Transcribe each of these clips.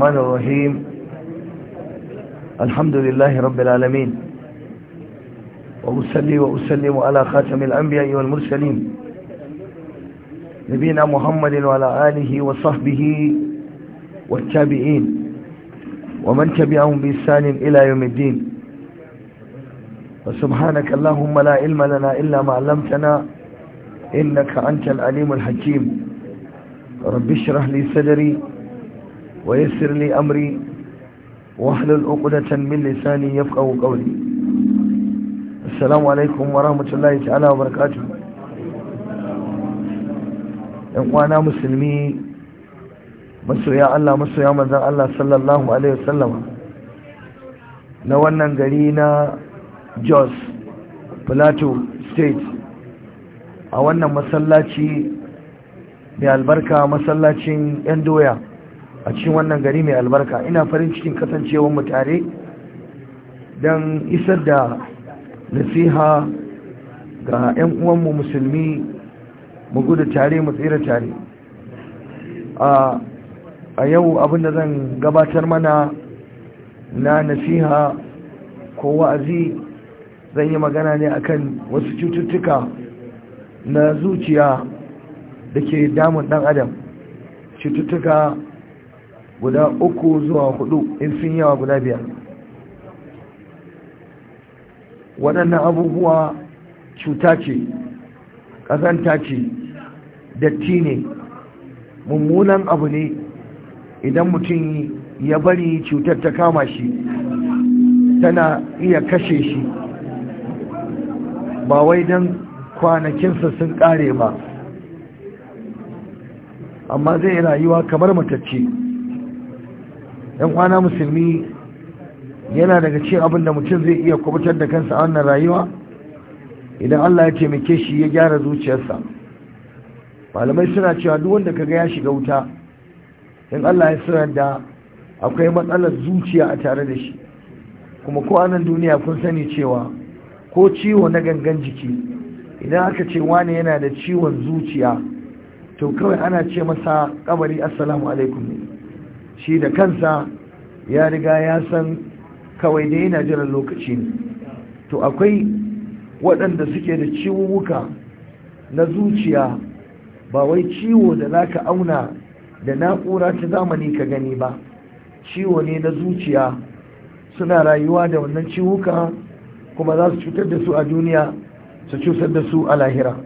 الرحمن الرحيم الحمد لله رب العالمين وأسلي وأسلم على خاتم الأنبياء والمرسلين نبينا محمد وعلى آله وصحبه والتابعين ومن تبعهم بإحسان إلى يوم الدين وسبحانك اللهم لا علم لنا إلا ما علمتنا إنك أنت العليم الحكيم رب اشرح لي صدري ويسر لي أمري واحلل عقدة من لساني يفقه قولي السلام عليكم ورحمة الله تعالى وبركاته وانا مسلمي masoya Allah masoya manzan Allah sallallahu Alaihi wasallama na wannan gari na Jos Plateau State a wannan masallaci mai albarka masallacin 'yan doya a cikin wannan gari mai albarka ina farin cikin kasancewar mu tare don isar da nasiha ga 'yan uwanmu musulmi mu gudu tare mu tsira tare a yau abin da zan gabatar mana na nasiha ko wa'azi zan yi magana ne akan wasu cututtuka na zuciya da ke damun dan adam cututtuka guda uku zuwa hudu in sun yawa guda biyar waɗannan abubuwa cuta ce ƙazanta ce datti ne mummunan abu ne idan mutum ya bari cutar ta kama shi tana iya kashe shi ba wai don kwanakinsa sun kare ba amma zai rayuwa kamar matacce yan kwana musulmi yana daga ce abin da mutum zai iya kubutar da kansa a wannan rayuwa idan Allah ya taimake shi ya gyara zuciyarsa malamai suna cewa duk wanda kaga ya shiga wuta in Allah ya sanar da akwai matsalar zuciya a tare da shi kuma ko anan duniya kun sani cewa ko ciwo na gangan jiki idan aka ce wani yana da ciwon zuciya to kawai ana ce masa kabari assalamu alaikum ne shi da kansa ya riga ya san kawai da yana jiran lokaci ne to akwai waɗanda suke da ciwuwuka na zuciya ba wai ciwo da za ka auna da na'ura ta zamani ka gani ba ciwo ne na zuciya suna rayuwa da wannan ciwuka kuma za su cutar da su a duniya su cutar da su a lahira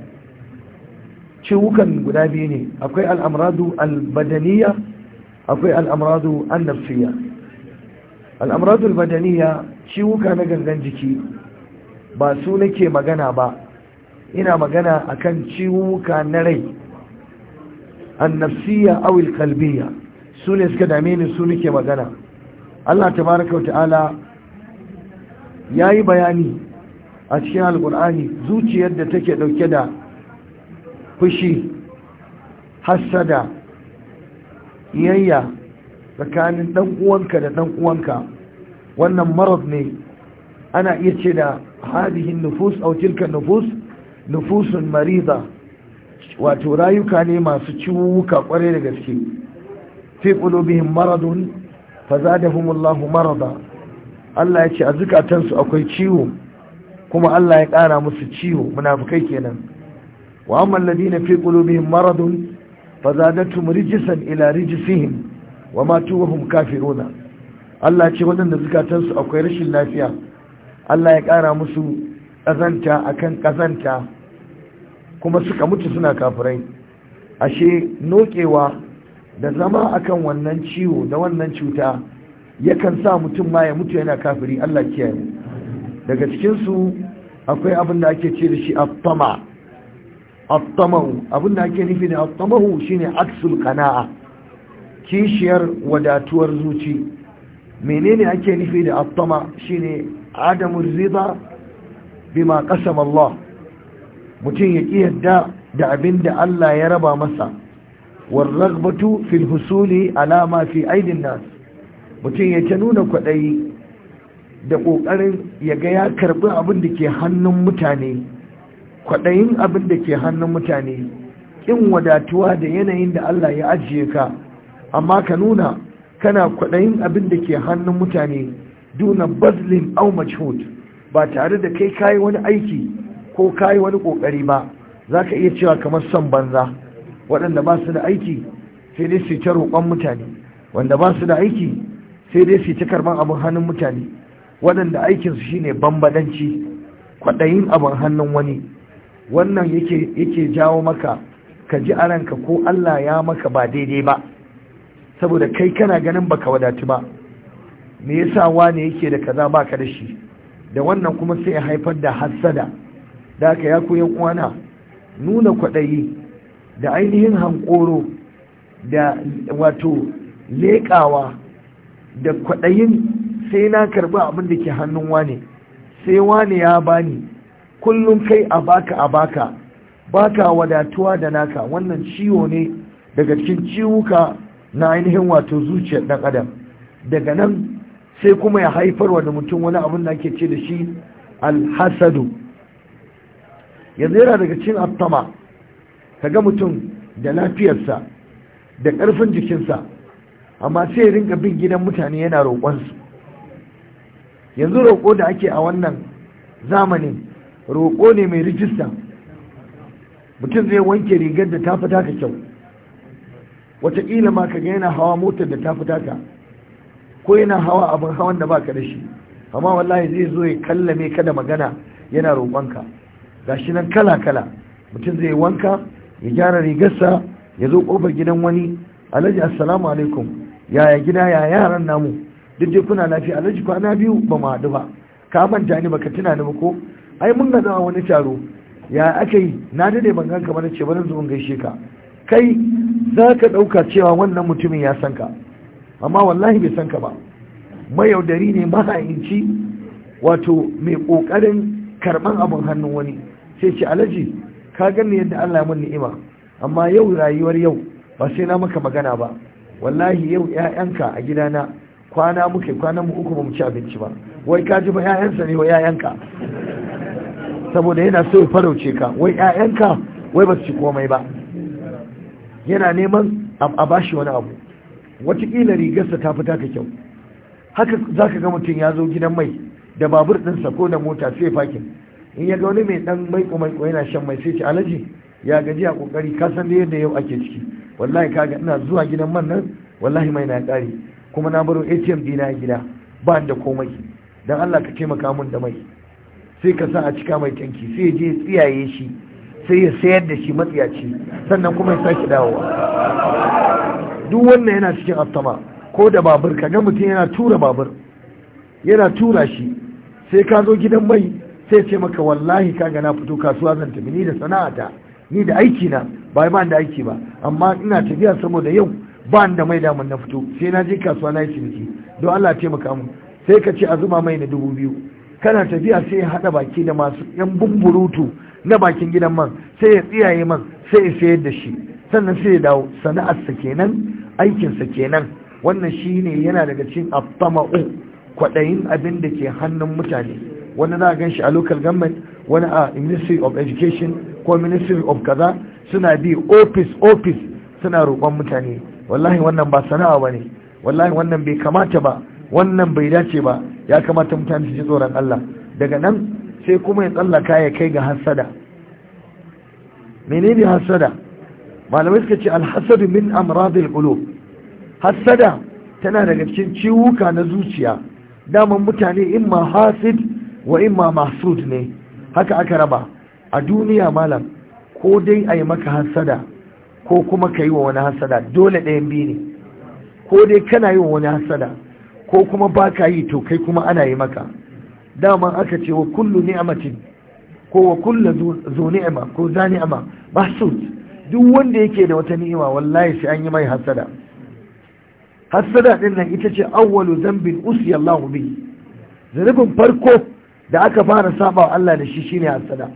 ciwukan guda biyu ne akwai al'amradu albadaniya akwai al'amradu annafsiya al'amradu albadaniya ciwuka na gangan jiki ba su nake magana ba ina magana akan ciwuka na rai annafsiya awil kalbiya su ne suka dame ni su nake magana Allah tabaraka ta'ala ya yi bayani a cikin Alƙur'ani zuciyar da take dauke da fushi hasada ƙiyayya tsakanin ɗan uwanka da ɗan uwanka wannan marar ne ana iya ce da hadihin nufus a nufus nufusun mariza. wato rayuka ne masu ciwuka kware da gaske fi qulubihim maradun fa za da fazadahumullahu marada Allah ya ce a zukatansu akwai ciwo kuma Allah ya ƙara musu ciwo munafukai kenan wa amma ladina fi qulubihim maradun fazadatum rijisan ila rijisihim wa matu wa kafiruna Allah ce waɗanda sukatansu akwai rashin lafiya Allah ya ƙara musu ƙazanta akan ƙazanta kuma suka mutu suna kafirai ashe nokewa da zama akan wannan ciwo da wannan cuta yakan sa mutum ma ya mutu yana kafiri Allah kiyaye daga cikin su akwai abin da ake ce da shi afama abin abinda ake nufi ne attamahu shine aksul Kana'a, kishiyar wadatuwar zuci menene ake nufi da attama shine adamu rida bima ƙasa, Allah mutum ya ƙi yadda da abinda Allah ya raba masa war ragbatu fil husuli ala fi aidin nas mutum ya ta nuna kwaɗayi da ƙoƙarin ya ga ya karɓi abin da ke hannun mutane kwaɗayin abin da ke hannun mutane ƙin wadatuwa da yanayin da Allah ya ajiye ka amma ka nuna kana kwaɗayin abin da ke hannun mutane duna bazlin au majhud ba tare da kai kayi wani aiki ko kayi wani ƙoƙari ba za ka iya cewa kamar son banza waɗanda ba su da aiki sai dai su ta roƙon mutane wanda ba su da aiki sai dai su ta karɓar abin hannun mutane waɗanda aikinsu shine bambadanci kwaɗayin abin hannun wani wannan yake yake jawo maka ka ji ranka ko Allah ya maka ba daidai ba saboda kai kana ganin baka wadatu ba me yasa wane yake da kaza baka da shi da wannan kuma sai ya haifar da hassada da haka ya koyan uwana nuna kwaɗayi da ainihin hankoro da wato leƙawa da kwaɗayin sai na karɓi abin da ke hannun wane sai wane ya bani kullum kai a baka a baka baka wadatuwa da naka wannan ciwo ne daga cikin ciwuka na ainihin wato zuciyar dan adam daga nan sai kuma ya haifarwa da mutum wani abin da ake ce da shi alhasadu yanzu yana daga cikin attama ga mutum da lafiyarsa da ƙarfin jikinsa amma sai ya rinka bin gidan mutane yana roƙonsu yanzu roƙo da ake a wannan zamanin roƙo ne mai rijista mutum zai wanke rigar da ta fita ka kyau wataƙila ma ka yana hawa motar da ta fita ka ko yana hawa abin hawan da baka da shi amma wallahi zai zo ya kallame ka da magana yana roƙonka shi nan kala kala mutum zai wanka ya gyara rigarsa ya zo ƙofar gidan wani alhaji assalamu alaikum yaya gida ya yaran namu duk dai kuna lafiya alhaji kwana biyu ba mu haɗu ba ka manta ni baka tuna ni ba ko ai mun gaza a wani taro ya aka yi na dade ban ganka ba ce bari zuwan gaishe ka kai za ka ɗauka cewa wannan mutumin ya san ka amma wallahi bai san ka ba mayaudari ne maha'inci wato mai ƙoƙarin karɓar abin hannun wani sai ce alaji ka gani yadda Allah ya mun ni'ima amma yau rayuwar yau ba sai na maka magana ba wallahi yau ƴaƴanka a gidana kwana muke kwana mu uku ba mu ci abinci ba wai ka ji ba ƴaƴansa ne wa ƴaƴanka saboda yana so ya farauce ka wai 'ya'yanka wai ba su ci komai ba yana neman a ba shi wani abu watakila rigarsa ta fita ka kyau haka za ka ga mutum ya zo gidan mai da babur ɗinsa ko da mota sai fakin in ya ga wani mai ɗan mai ko mai ko yana shan mai sai ce alaji ya gaji a ƙoƙari ka san da yadda yau ake ciki wallahi ka ga ina zuwa gidan man nan wallahi mai na ƙari kuma na baro atm dina gida ba da komai dan Allah ka taimaka mun da mai sai ka sa a cika mai tanki sai ya je tsiyaye shi sai ya sayar da shi matsiyaci sannan kuma ya sake dawowa duk wannan yana cikin aftama ko da babur ka ga mutum yana tura babur yana tura shi sai ka zo gidan mai sai ce maka wallahi ka ga na fito kasuwa zan tafi ni da sana'ata ni da aiki na ba ma da aiki ba amma ina tafiya saboda yau ba da mai damar na fito sai na je kasuwa na yi ciniki don Allah taimaka mu sai ka ce a zuba mai na dubu biyu kana tafiya sai ya haɗa baki da masu yan bumburutu na bakin gidan man sai ya tsiyaye man sai ya sayar da shi sannan sai ya dawo sa kenan aikinsa kenan wannan shi ne yana daga cikin aftama'u kwaɗayin abin da ke hannun mutane wani za a gan shi a local government wani a ministry of education ko ministry of kaza suna bi office office suna roƙon mutane wallahi wannan ba sana'a ba ne wallahi wannan bai kamata ba wannan bai dace ba ya kamata mutane su ji tsoron Allah daga nan sai kuma ya tsallaka ya kai ga hasada menene hasada malamai suka ce alhasadu min amradil qulub hasada tana daga cikin ciwuka na zuciya daman mutane imma hasid wa imma mahsud ne haka aka raba a duniya malam ko dai a yi maka hasada ko kuma ka yi wa wani hasada dole ɗayan biyu ne ko dai kana yi wa wani hasada ko kuma baka yi to kai kuma ana yi maka dama aka ce wa kullu ni'amatin ko wa kullu zu ni'ama ko za ni'ama basut duk wanda yake da wata ni'ima wallahi sai an yi mai hasada hasada din nan ita ce awwalu dhanbin Usiyallahu Allah bi zanubin farko da aka fara saba Allah da shi shine hasada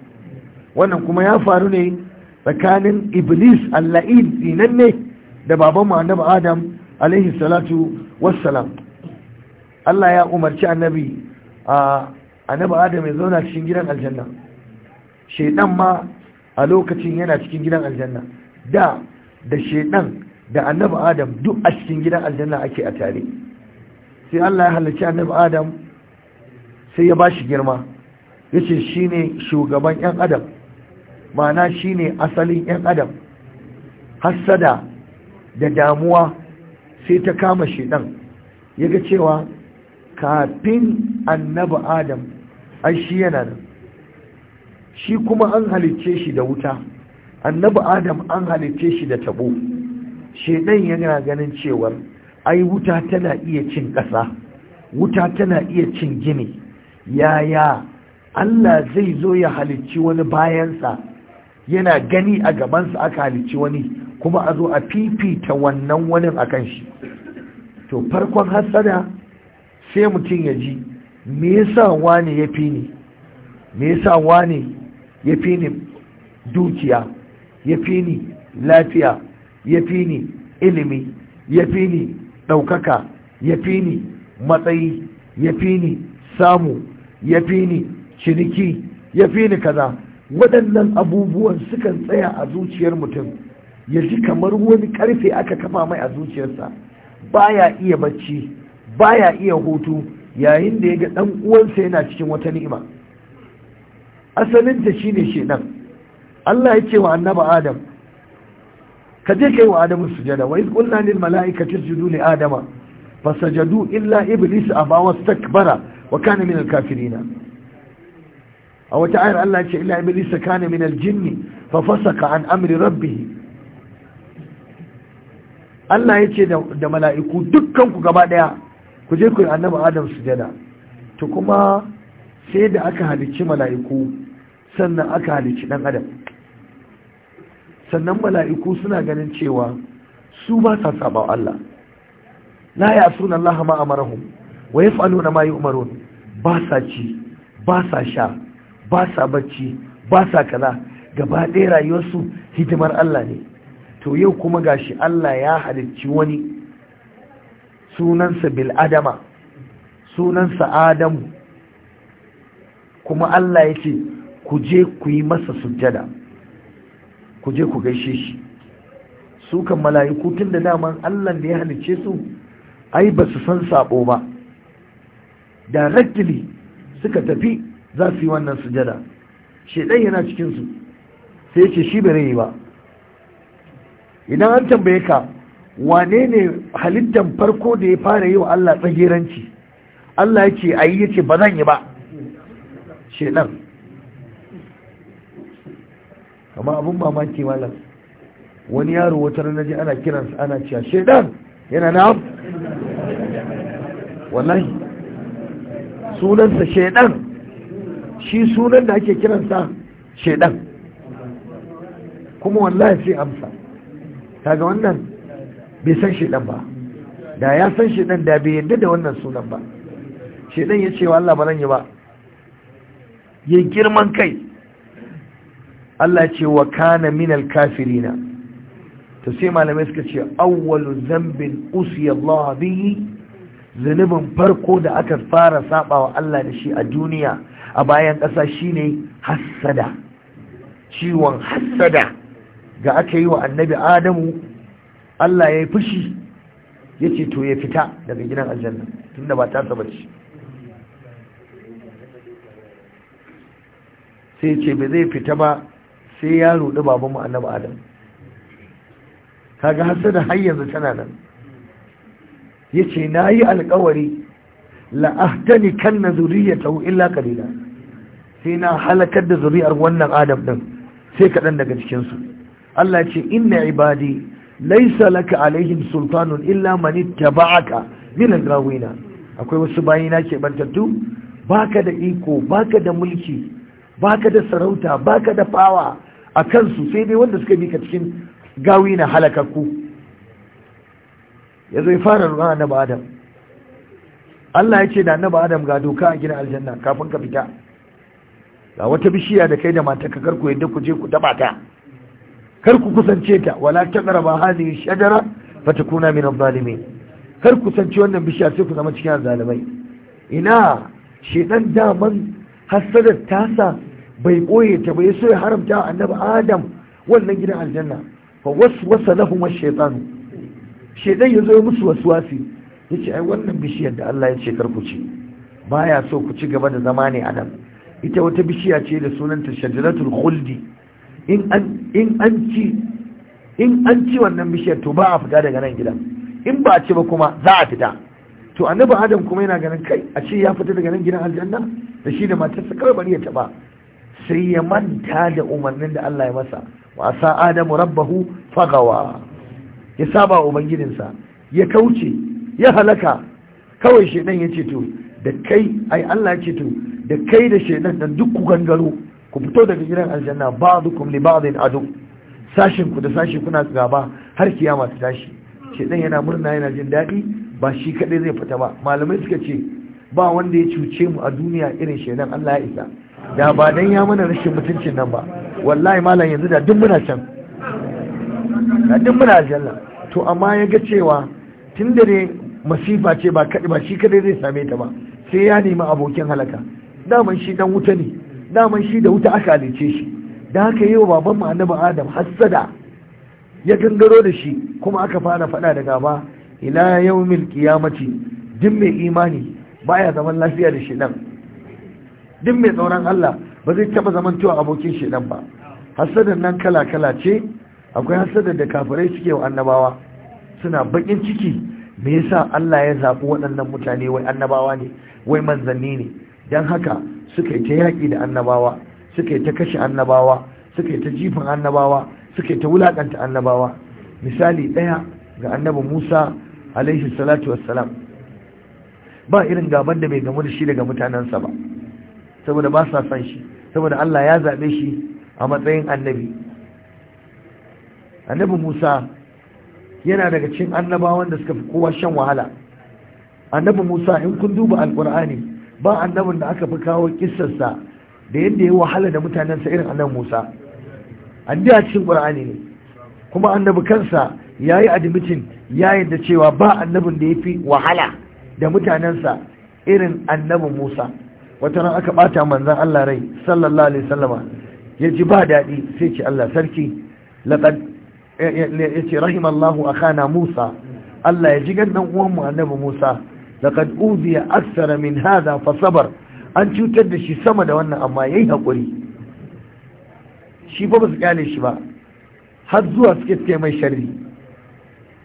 wannan kuma ya faru ne tsakanin iblis allah'in tsinanne da baban mu annabi adam alaihi salatu wassalam Allah ya umarci annabi a annabi Adam ya zauna cikin gidan aljanna shedan ma a lokacin yana cikin gidan aljanna da da shedan da annabi Adam duk a cikin gidan aljanna ake a tare sai Allah ya halarci annabi Adam sai ya bashi girma Ya ce shi ne shugaban yan adam ma'ana ne asalin yan adam hassada da damuwa sai ta kama Ya ga cewa kafin annabi adam an shi yana nan shi kuma an halicce shi da wuta annabi adam an halicce shi da tabo shedan yana ganin cewar ai wuta tana iya cin ƙasa wuta tana iya cin gini yaya Allah zai zo ya halicci wani bayansa yana gani a gabansa aka halicci wani kuma a zo a fifita wannan wani akan shi to farkon hasada sai mutum ya ji me yasa wani ya fi ni me yasa wani ya fi ni dukiya ya fi ni lafiya ya fi ni ilimi ya fi ni ɗaukaka ya fi ni matsayi ya fi ni samu ya fi ni ciniki ya fi ni kaza waɗannan abubuwan sukan tsaya a zuciyar mutum ya ji kamar wani karfe aka kafa mai a zuciyarsa baya iya bacci baya iya hutu yayin da ya ga ɗan uwansa yana cikin wata ni'ima asalinta shine shedan Allah ya ce wa annaba adam ka je wa adamu sujada wa iz qulna lil mala'ikati isjudu li adama fasajadu illa iblis aba wastakbara wa kana min al kafirin aw ta'ar Allah ya ce illa iblis kana min al jinn fa fasaka an amri rabbih Allah ya ce da mala'iku dukkan ku gaba daya ku je ku yi annabi adam su jada to kuma sai da aka halicci mala'iku sannan aka halicci dan adam sannan mala'iku suna ganin cewa su ba sa saba Allah la ya suna Allah ma amarahum wa yaf'aluna ma yu'marun ba sa ci ba sa sha ba sa bacci ba sa kaza gaba ɗaya rayuwarsu hidimar Allah ne to yau kuma gashi Allah ya halicci wani sunansa bil'adama sunansa adamu kuma Allah ya ce ku je ku yi masa sujjada ku je ku gaishe shi su kan mala'iku tun da daman Allah da ya halice su ai ba su san sabo ba directly suka tafi za su yi wannan sujada shedan yana cikinsu. su sai ce shi bare yi ba idan an tambaye ka wane ne halittar farko da ya fara yi wa Allah tsagiranci Allah ya ce ayi ya ce ba zan yi ba nan amma abin mamaki malam wani yaro wata rana ji ana kiransa ana cewa shedan yana na wallahi sunansa shedan shi sunan da ake kiransa shedan kuma wallahi sai amsa kaga wannan bai san shedan ba da ya san shedan da bai yadda da wannan sunan ba shedan ya ce wa Allah ba yi ba yin girman kai Allah ce wa kana minal kafirina Ta sai malamai suka ce awwalu zambin usiya Allah bihi zunubin farko da aka fara wa Allah da shi a duniya a bayan ƙasa shine hassada ciwon hassada ga aka yi wa annabi Adamu Allah ya yi fushi ya ce to ya fita daga gidan aljanna tun da ba ta saba ce sai ce ba zai fita ba sai ya rudu babanmu annabi adam kaga da har yanzu tana nan Ya yace nayi alƙawari la ahtani kan na zuriyatahu illa qalila sai na halakar da zuriyar wannan adam din sai kaɗan daga cikin Allah ce inna ibadi laisa laka alaihim sultanun illa mani ittaba'aka min al akwai wasu na ke bantattu baka da iko baka da mulki baka da sarauta baka da fawa a kansu sai dai wanda suka bi ka cikin gawina halakakku ya ya fara ruwa annabi adam Allah ya ce da ba adam ga doka a gina aljanna kafin ka fita ga wata bishiya da kai da matakakar ku yadda ku je ku taɓa ta kar ku kusance ta wala taqrabu hadhihi shajara fatakuna min adh-dhalimin kar ku kusance wannan bishiya sai ku zama cikin azzalimai ina shedan daman hasadar tasa bai koye ta bai so ya haramta annabi adam wannan gidan aljanna fa waswasa lahum ash-shaytan shedan yazo ya musu waswasi yace ai wannan bishiyar da Allah ya ce kar ku ci baya so ku ci gaba da zama ne a nan ita wata bishiya ce da sunanta shajaratul khuldi in an ci wannan bishiyar to ba a fita daga nan gidan in ba a ci ba kuma za a fita to annabi adam kuma yana ganin kai a ce ya fita daga nan gidan aljanna da shi da matarsa kawai bari ya taba sai ya manta da umarnin da Allah ya masa wa sa adamu rabbahu fagawa ya saba ubangidinsa ya kauce ya halaka kawai shedan ya ce to da kai ai Allah ya ce to da kai da shedan dan duk ku gangaro ku fito daga gidan aljanna ba ba li ba'din ado Sashen ku da sashi kuna gaba har kiyama su tashi shedan yana murna yana jin daɗi. ba shi kaɗai zai fita ba malamai suka ce ba wanda ya cuce mu a duniya irin shedan Allah ya isa da ba dan ya mana rashin mutuncin nan ba wallahi malam yanzu da duk muna can da duk muna aljanna to amma ya ga cewa tun da ne masifa ce ba shi kaɗai zai same ta ba sai ya nemi abokin halaka daman shi dan wuta ne daman shi da wuta aka halice shi da haka yi wa baban mu adam hassada ya gangaro da shi kuma aka fara faɗa da gaba ila mil kiyamaci din mai imani baya zaman lafiya da shidan din mai tsoron Allah ba zai taba zaman tuwa abokin shidan ba Hassadan nan kala kala ce akwai hassadar da kafirai suke wa annabawa suna bakin ciki me yasa Allah ya zafi waɗannan mutane wai annabawa ne wai manzanni ne don haka suka yi ta yaƙi da annabawa suka yi ta kashe annabawa suka yi ta jifin annabawa suka yi ta wulaƙanta annabawa misali ɗaya ga annabi musa alaihi salatu wassalam ba irin gaban da bai gamu da shi daga mutanensa ba saboda ba sa son shi saboda allah ya zaɓe shi a matsayin annabi annabi musa yana daga cikin annabawan da suka fi kowa shan wahala annabi musa in kun duba alƙur'ani ba annabin da aka fi kawo kissarsa da yadda ya wahala da mutanensa irin annabin musa an a cikin ƙur'ani ne kuma annabi kansa ya yi admitin ya yadda cewa ba annabin da ya fi wahala da mutanensa irin annabi musa wata ran aka ɓata manzan allah rai sallallahu alaihi sallama ya ji ba daɗi sai ce allah sarki ya ce rahimallahu akana musa allah ya ji gan uwanmu annabi musa laqad uziya aksara min hadha fa sabar an cutar da shi sama da wannan amma yayi hakuri shi ba su kyale shi ba har zuwa suke ce mai sharri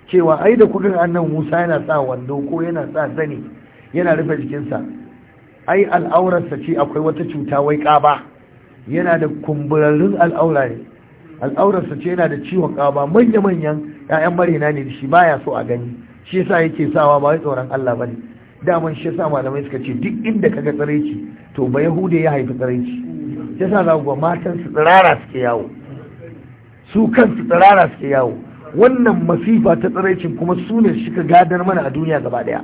cewa ai da kudin annan Musa yana sa wando ko yana sa zani yana rufe jikinsa ai al'aurarsa ce akwai wata cuta wai ƙaba yana da kumburarrun al'aura ne al'aurarsa ce yana da ciwon ƙaba manya-manyan 'ya'yan marina ne da shi baya so a gani shi sa yake sawa ba wai tsoron Allah ba bane daman shi sa malamai suka ce duk inda kaga tsaraici to ba yahude ya haifi tsaraici shi yasa za ku ga matan su tsirara suke yawo su kan su tsirara suke yawo wannan masifa ta tsaraicin kuma su ne suka gadar mana a duniya gaba daya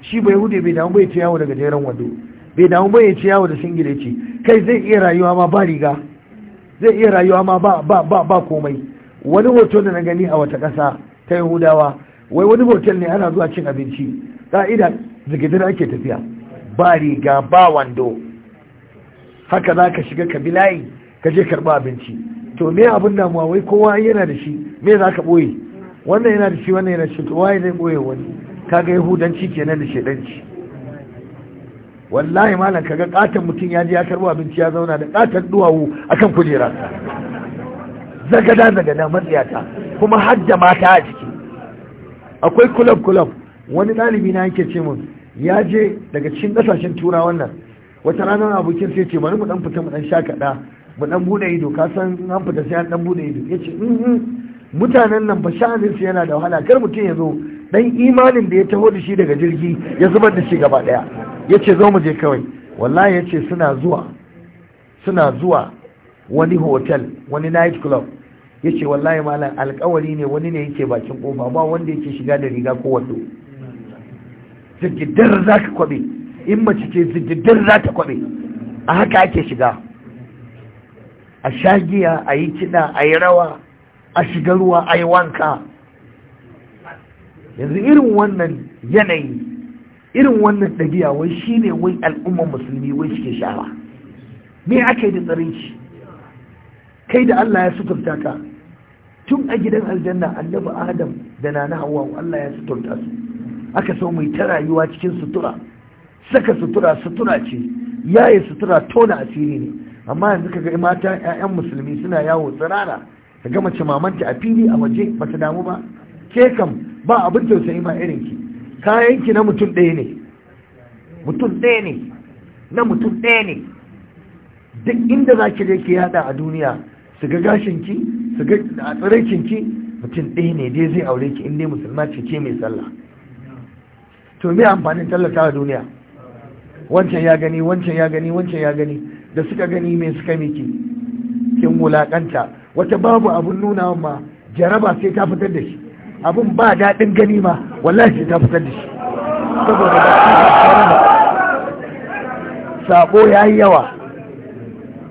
shi ba yahude bai damu bai ce yawo daga jeran wando bai damu bai ce yawo da singile ce kai zai iya rayuwa ma ba riga zai iya rayuwa ma ba ba ba komai wani hoto da na gani a wata ƙasa ta yahudawa wai wani hotel ne ana zuwa cin abinci ka'ida zigidir ake tafiya ba riga ba wando haka za ka shiga ka bilayi ka je karɓa abinci to me abin damuwa wai kowa yana da shi me za ka ɓoye wannan yana da shi wannan yana da shi to waye zai ɓoye wani Ka ga yahudanci kenan da shaidanci wallahi malam ga katon mutum ya je ya karɓo abinci ya zauna da katon duwawu akan kujera zagada zagada matsiyata kuma har mata a jiki akwai kulab kulab wani ɗalibi na yake ce mun ya je daga cikin ƙasashen tura wannan wata ranar abokin sai ce bari mu dan fita mu dan shakada mu dan bude ido ka san an fita sai an dan bude ido Ya yace mutanen nan ba sha'anin su yana da wahala kar mutum ya zo dan imanin da ya taho da shi daga jirgi ya zubar da shi gaba daya yace zo mu je kawai wallahi yace suna zuwa suna zuwa wani hotel wani night club yace wallahi malam alƙawari ne wani ne yake bakin kofa ba wanda yake shiga da riga ko wato. zididdar za ka kwabe in mace ce zididdar za ta kwabe a haka ake shiga a shagiya a yi kiɗa a yi rawa a shiga ruwa a yi wanka yanzu irin wannan yanayi irin wannan ɗabi'a wai shi ne wai al'ummar musulmi wai suke shara me ake da tsarin shi kai da Allah ya suturta ka tun a gidan aljanna annabi adam da nana hawa Allah ya suturta su aka so mai ta rayuwa cikin sutura saka sutura sutura ce yaye sutura tona asiri ne amma yanzu kaga mata ƴaƴan musulmi suna yawo tsirara ka ga mace mamanta a fili a waje ba ta damu ba ke kam ba abin tausayi ma irin ki kayan ki na mutum ɗaya ne mutum ɗaya ne na mutum ɗaya ne duk inda zaki ki je ki yada a duniya su ga gashin ki su ga a tsiraikin ki mutum ɗaya ne dai zai aure ki in dai musulma ce ke mai sallah to me amfanin tallata duniya wancan ya gani wancan ya gani wancan ya gani da suka gani mai suka miki kin wulakanta wata babu abun nuna ma jaraba sai ta fitar da shi abun ba daɗin gani ma wallahi sai ta fitar da shi saboda sabo ya yi yawa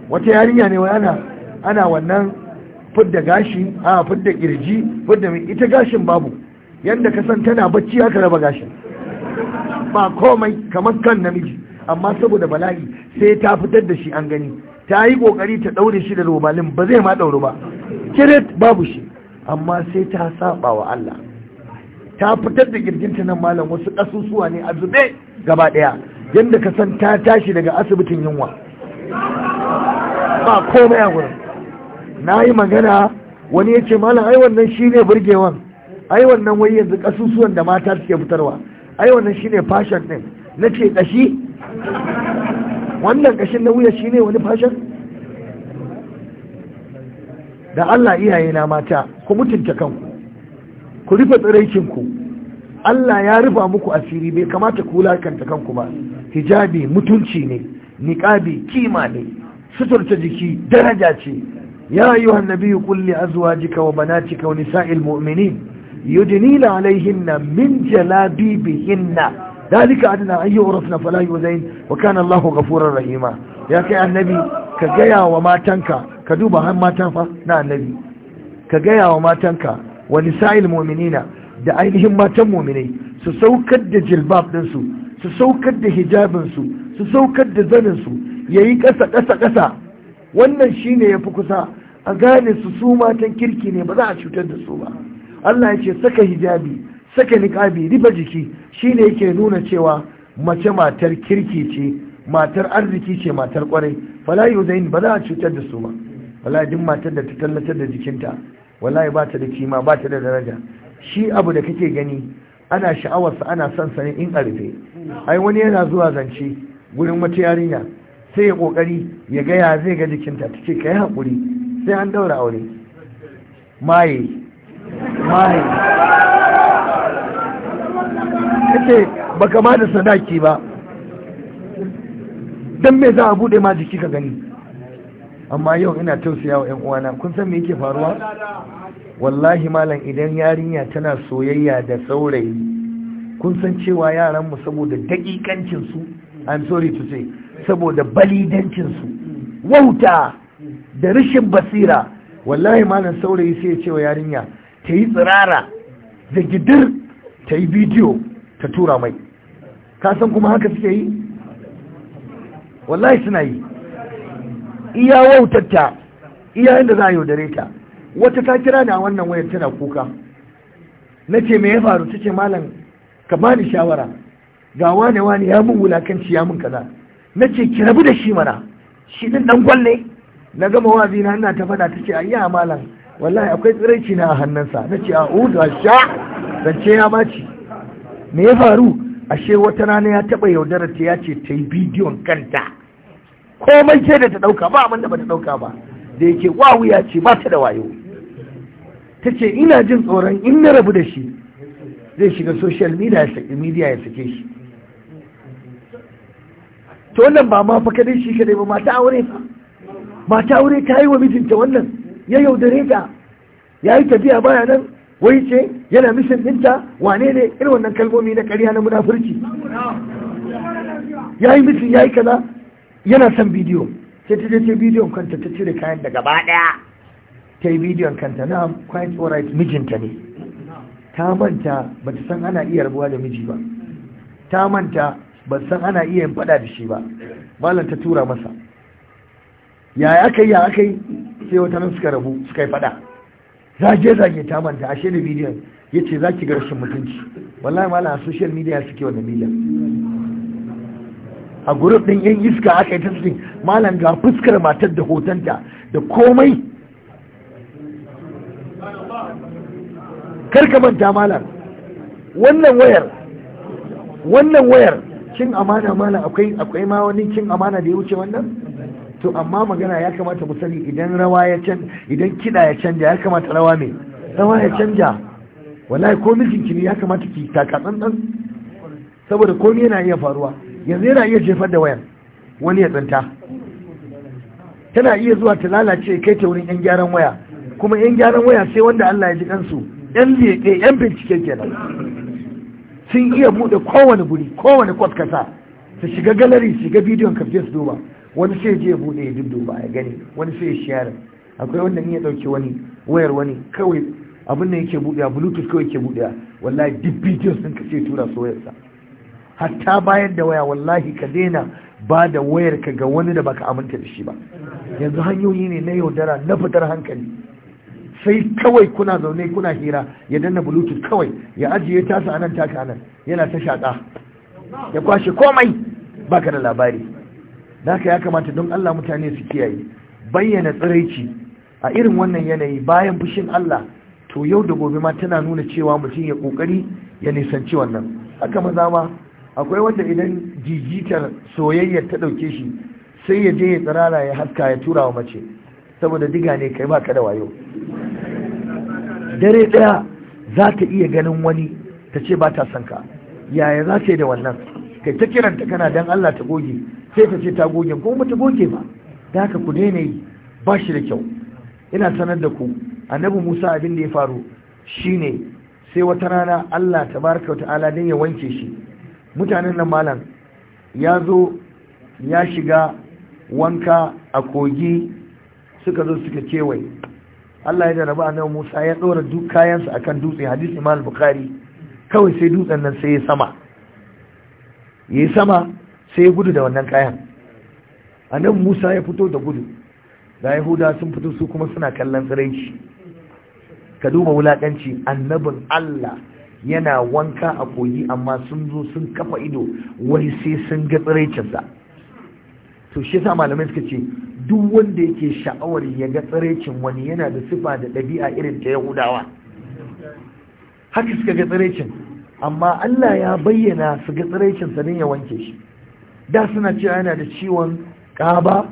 wata yarinya ne wa ana ana wannan fidda gashi a fidda kirji fidda mai ita gashin babu yadda ka san tana bacci aka raba gashin ba komai kamar kan namiji amma saboda bala'i sai ta fitar da shi an gani ta yi kokari ta daure shi da robalin ba zai ma daure ba kiret babu shi amma sai ta saba wa Allah ta fitar da kirjinta nan malam wasu kasusuwa ne a zube gaba daya yadda ka san ta tashi daga asibitin yunwa ba komai a wurin na yi magana wani ya ce malam ai wannan shi ne burgewan ai wannan wai yanzu ƙasusuwan da mata suke fitarwa ai wannan shi ne fashon ɗin na ce ƙashi wannan ƙashin na wuya shi ne wani fashon? da Allah iyaye na mata ku mutunta kanku ku rufe tsiraikinku Allah ya rufa muku asiri bai kamata ku wulakanta kanku ba hijabi mutunci ne niƙabi kima ne suturta jiki daraja ce يا أيها النبي قل لأزواجك وبناتك ونساء المؤمنين يدنين عليهن من جلابيبهن ذلك أدنى أن يعرفن فلا يؤذين وكان الله غفورا رحيما يا كي النبي كجيا وما تنكا كدوبا هم ما تنفى نا النبي كجيا وما تنكا ونساء المؤمنين da ainihin matan muminai su saukar da jilbab ɗinsu su saukar da hijabinsu su saukar da zaninsu ya yi ƙasa ƙasa ƙasa wannan shi ne ya fi kusa a gane su su matan kirki ne ba za a cutar da su ba Allah ya ce saka hijabi saka niƙabi, riba jiki Shi shine yake nuna cewa mace matar kirki ce matar arziki ce matar kwarai fala zai ba za a cutar da su ba wala duk matar da ta tallatar da jikinta wallahi ba ta da kima ba ta da daraja shi abu da kake gani ana sha'awarsa ana son sa in a rufe ai wani yana zuwa zance gurin wata yarinya sai ya kokari ya gaya zai ga jikinta ta ce ka yi sai an daura aure maye maye ta ce ba kama da sadaki ba don me za a bude ma jiki ka gani amma yau ina tausaya wa 'yan uwana kun san me yake faruwa wallahi malam idan yarinya tana soyayya da saurayi kun san cewa mu saboda su i'm sorry to say saboda balidancinsu wauta da rashin basira wallahi malam saurayi sai ya ce wa yarinya ta yi tsirara da gidir ta yi bidiyo ta tura mai kasan kuma haka suke yi wallahi suna yi iya wautatta iya yadda za a yaudare ta wata ta kira na wannan wayar tana kuka na ce me ya faru ta ce malam ka bani shawara ga wane wane ya mun wulakanci ya mun kaza na ce ki rabu da shi mana shi din dan gwalle na gama wazi na ina ta fada tace ayya malam wallahi akwai tsiraici na a hannunsa na ce a udu a sha zance ya baci me ya faru ashe wata rana ya taba yaudarar ta ya ce ta yi bidiyon kanta komai ce da ta ɗauka, ba abin da ba ta dauka ba da yake wa wuya ce ba ta da wayo ta ce ina jin tsoron in na rabu da shi zai shiga social media ya sake shi to wannan ba ma dai shi kadai ba mata aure fa mata aure ta yi wa mijinta wannan ya yaudare ta ya yi tafiya baya nan wai ce yana mishin ɗinta wane ne irin wannan kalmomi na ƙarya na munafurci ya yi mishin ya yi kaza yana son bidiyo sai ta ce bidiyon kanta ta cire kayan daga ba ɗaya ta yi bidiyon kanta na quite alright mijinta ne ta manta ba ta san ana iya rabuwa da miji ba ta manta ban san ana iya yin fada da shi ba malam ta tura masa ya aka yi ya aka yi sai wata nan suka rabu suka yi fada zage zage ta manta ashe da bidiyon ya ce za ki ga rashin mutunci wallahi malam a social media suke wannan bidiyon a gurup din yan iska aka yi ta cikin malam ga fuskar matar da hotonta da komai karka manta malam wannan wayar wannan wayar cin amana mana akwai akwai ma wani cin amana da ya wuce wannan to amma magana ya kamata mu sani idan rawa ya can idan kida ya canja ya kamata rawa me rawa ya canja wallahi ko ki ne ya kamata ki taka tsantsan saboda komai yana iya faruwa yanzu yana iya jefar da wayan wani ya tsanta. tana iya zuwa ta lalace kai ta wurin yan gyaran waya kuma yan gyaran waya sai wanda Allah ya ji kansu yan leƙe yan bincike kenan sun iya buɗe kowane guri kowane kwat kasa su shiga galari shiga bidiyon kafin su duba wani sai je ya buɗe ya duba ya gani wani sai ya share akwai wanda ya ɗauke wani wayar wani kawai abin da yake buɗewa bluetooth kawai yake buɗewa wallahi duk bidiyon sun ka tura su wayarsa hatta bayan da waya wallahi ka daina ba da wayar ka ga wani da baka aminta da shi ba yanzu hanyoyi ne na yaudara na fitar hankali sai kawai kuna zaune kuna hira ya danna bluetooth kawai ya ajiye tasa anan taka anan yana ta shaƙa ya kwashe komai baka da labari haka ya kamata don Allah mutane su kiyaye bayyana tsiraici a irin wannan yanayi bayan fushin Allah to yau da gobe ma tana nuna cewa mutum ya kokari ya nisanci wannan haka maza ma akwai wanda idan jijitar soyayyar ta dauke shi sai ya je ya tsirara ya haska ya tura wa mace saboda diga ne kai baka da wayo dare ɗaya za ta iya ganin wani ta ce ba ta son ka yaya za ta yi da wannan kai ta kiranta kana dan Allah ta goge sai ta ce ta goge ko mu ta goge ba da haka ku daina yi ba shi da kyau ina sanar da ku annabi Musa abin da ya faru shine sai wata rana Allah tabaraka wa ta'ala dan ya wanke shi mutanen nan malam ya zo ya shiga wanka a kogi suka zo suka kewaye Allah ya jarabu annabi Musa ya dora duk kayansa akan dutse hadisi Imam Bukhari kawai sai dutsen nan sai ya sama ya yi sama sai ya gudu da wannan kayan annabi Musa ya fito da gudu ga Yahuda sun fito su kuma suna kallon tsiraici ka duba wulakanci annabin Allah yana wanka a kogi amma sun zo sun kafa ido wai sai sun ga tsiraicinsa to shi yasa malamai suka ce duk wanda yake sha'awar ya ga tsiraicin wani yana da sifa da ɗabi'a irin ta yahudawa haka suka ga tsiraicin amma Allah ya bayyana su ga tsiraicin sanin ya wanke shi da suna cewa yana da ciwon kaba,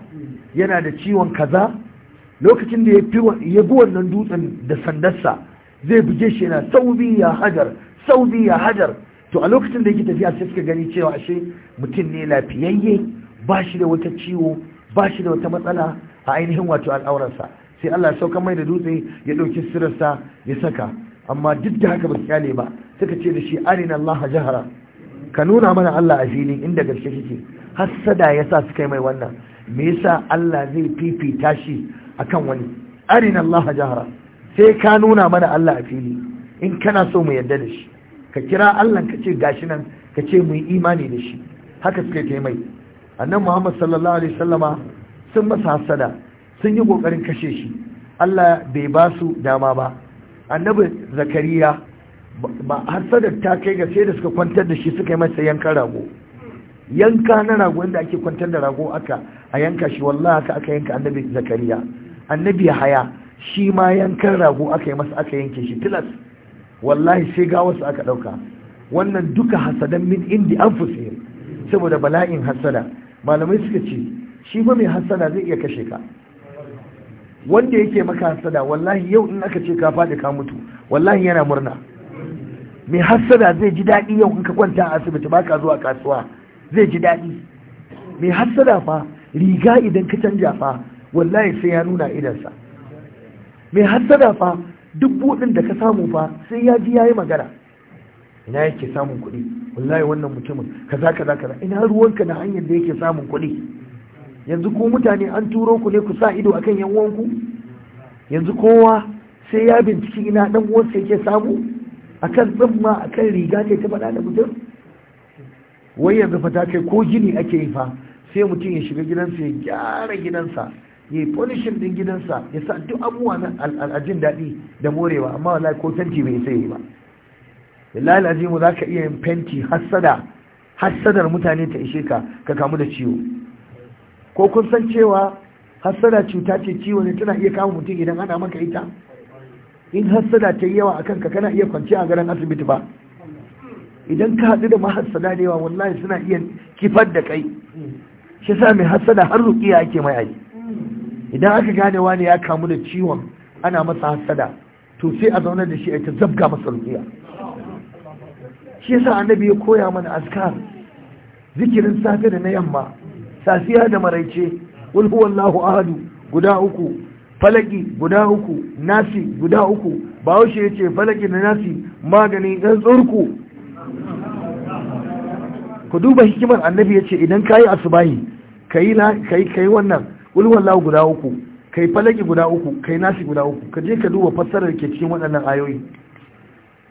yana da ciwon kaza lokacin da ya bi wannan dutsen da sandarsa zai buge shi yana saubi ya hajar saubi ya hajar to a lokacin da yake tafiya sai suka gani cewa ashe mutum ne lafiyayye ba shi da wata ciwo ba shi da wata matsala a ainihin wato al'aurarsa sai Allah ya sauka mai da dutse ya ɗauki sirarsa ya saka amma duk da haka ba su kyale ba suka ce da shi arina Allah jahara ka nuna mana Allah a fili inda gaske kike hassada yasa suka yi mai wannan me yasa Allah zai fifita shi akan wani arina Allah jahara sai ka nuna mana Allah a fili in kana so mu yarda da shi ka kira Allah ka ce gashi nan ka ce mu yi imani da shi haka suka yi mai annan muhammad sallallahu alaihi sallama sun masa hasada sun yi ƙoƙarin kashe shi allah bai ba su dama ba annabi zakariya ba hasadar ta kai ga sai da suka kwantar da shi suka yi masa yanka rago yanka na rago inda ake kwantar da rago aka a yanka shi wallahi aka aka yanka annabi zakariya annabi haya shi ma yankan rago aka yi masa aka yanke shi tilas wallahi sai ga wasu aka ɗauka wannan duka hasadan min indi an saboda bala'in hasada malamai suka ce shi ma mai hasada zai iya kashe ka wanda yake maka hasada wallahi yau in aka ce ka faɗi ka mutu wallahi yana murna mai hasada zai ji daɗi yau in ka kwanta a asibiti ba ka zuwa kasuwa zai ji daɗi mai hasada fa riga idan ka canja fa wallahi sai ya nuna idansa mai hasada fa duk buɗin da ka samu fa sai ya ji ya yi magana ina yake samun kuɗi wallahi wannan mutumin kaza kaza kaza ina ruwanka na hanyar da yake samun kuɗi yanzu ko mutane an turo ku ne ku sa ido akan yan uwanku yanzu kowa sai ya binciki ina dan uwansa yake samu akan tsamma akan riga ne ta faɗa da mutum wai yanzu fa ta kai ko gini ake yi fa sai mutum ya shiga gidansa ya gyara gidansa ya yi polishin din gidansa ya sa duk abubuwa na al'ajin daɗi da morewa amma wallahi ko tanti bai sai ba billahi azimu za ka iya yin fenti hassada hassadar mutane ta ishe ka ka kamu da ciwo ko kun san cewa hassada cuta ce ciwo ne tana iya kama mutum idan ana maka ita in hassada ta yi yawa akan ka kana iya kwanci a garin asibiti ba idan ka haɗu da mahassada da yawa wallahi suna iya kifar da kai shi sa mai hassada har rukiya ake mai aji idan aka gane wani ya kamu da ciwon ana masa hassada to sai a zaunar da shi a ta zabga masa rukiya shi yasa annabi ya koya mana askar zikirin safe da na yamma safiya da maraice qul huwallahu ahadu guda uku falaki guda uku nasi guda uku bahaushe ya ce falaki da nasi magani dan tsurku ku duba hikimar annabi ya ce idan ka yi asubahi ka yi wannan ulwallahu guda uku ka yi falaki guda uku ka yi nasi guda uku ka je ka duba fassarar ke cikin waɗannan ayoyi